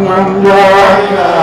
Allah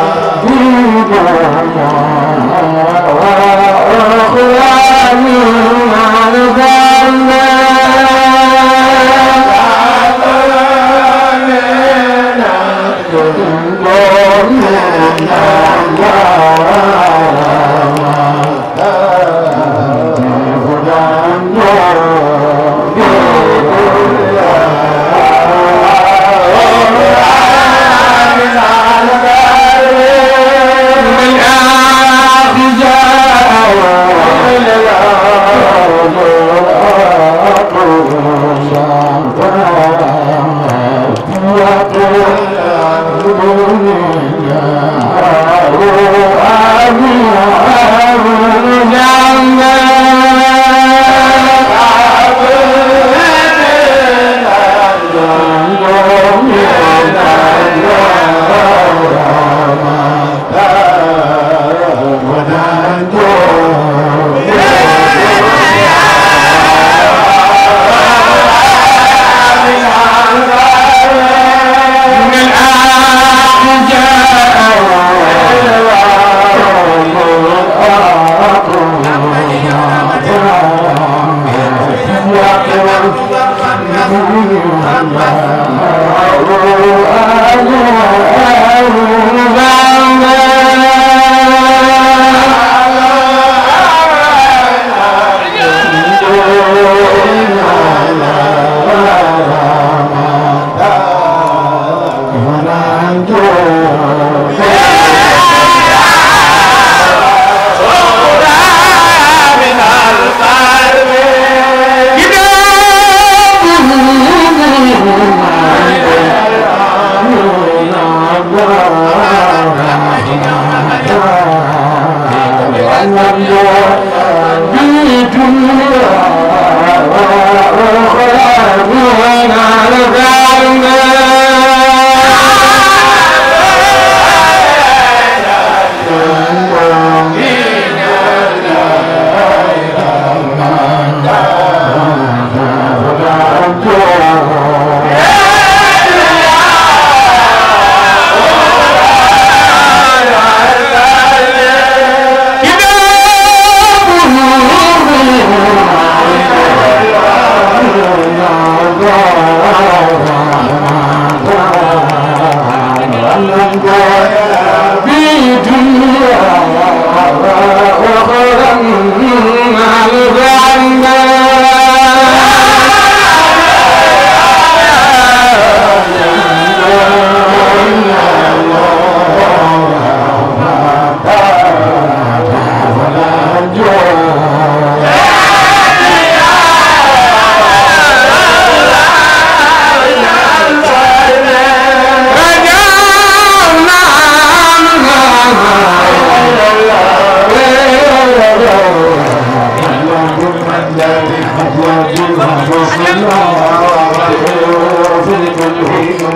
مريدا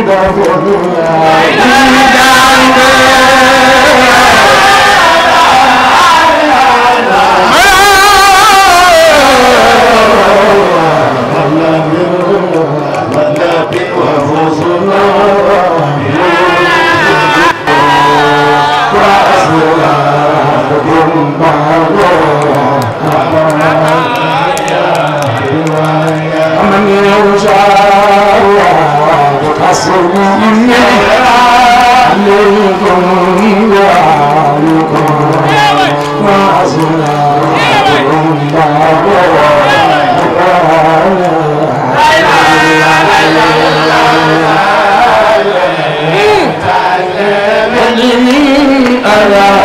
هدى Allah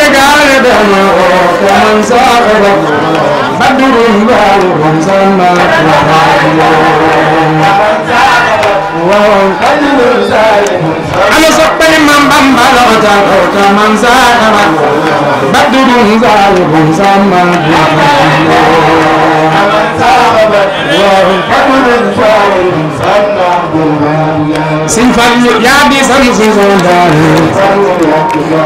رجعان دهما ومن ساق بدر باب ومسمى أنا سقطت من بمبا لغتاك من ساق بدر ظالم سمى sëñ Fallu yaa di sant si moom daal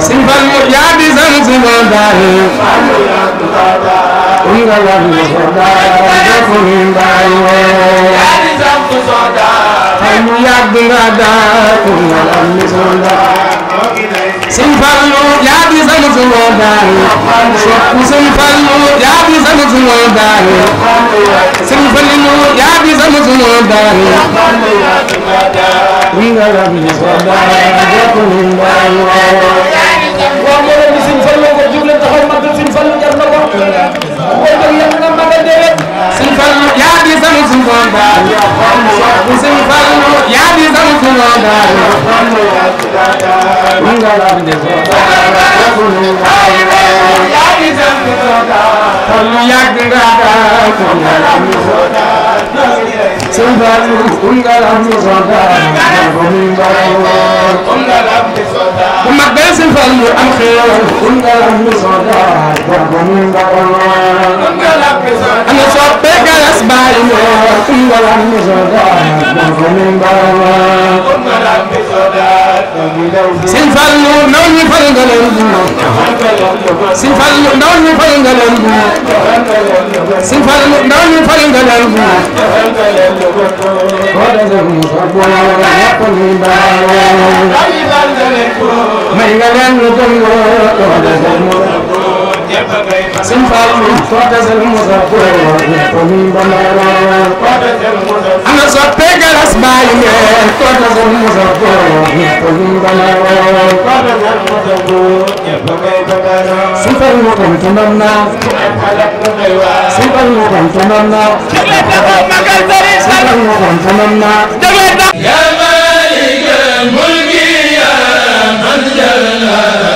sëñ Fallu yaa di sant si moom daal um nga war na ko daal jëkku ñu daal tey mu yàgg nga daal um nga war na ko daal sëñ Fallu moo daal sëñ Fallu yaa di sama su moo daal sëñ Fallu yaa di sama su moo daal wi nga la mi so daal jekku ni daal waa moo leen sëñ Fallu ko jóg leen taxaw magal sëñ Fallu jar na ko ko ko yam na magal déwét sëñ Fallu yaa di sama su moo daal sëñ Fallu yaa di sama su moo daal wi nga la mi so yàgg nga daal ngalam ñu xodaat sëñ Fallou um ngalam ñu xodaat bu mag ba sëñ Fallou am xéewal um ngalam ñu xodaat ba mu ngalam ana soppe galas bàyyi ñoo um ngalam ñu xodaat ba mu ngalam sëñ Fallou Sëñ Fallu ndaw ñu fal nga leen bu Sëñ Fallu ndaw ñu fal nga leen bu ko daje mu sa boya la ko ni ba may nga leen lu gën سن فاطمة قدس المصطفى ومن بمرة قدس المصطفى أنا صدق الأسماء قدس المصطفى ومن بمرة قدس المصطفى سوف المقام تمامنا سوف المقام تمامنا سوف المقام تمامنا يا مالك الملك يا من جلاله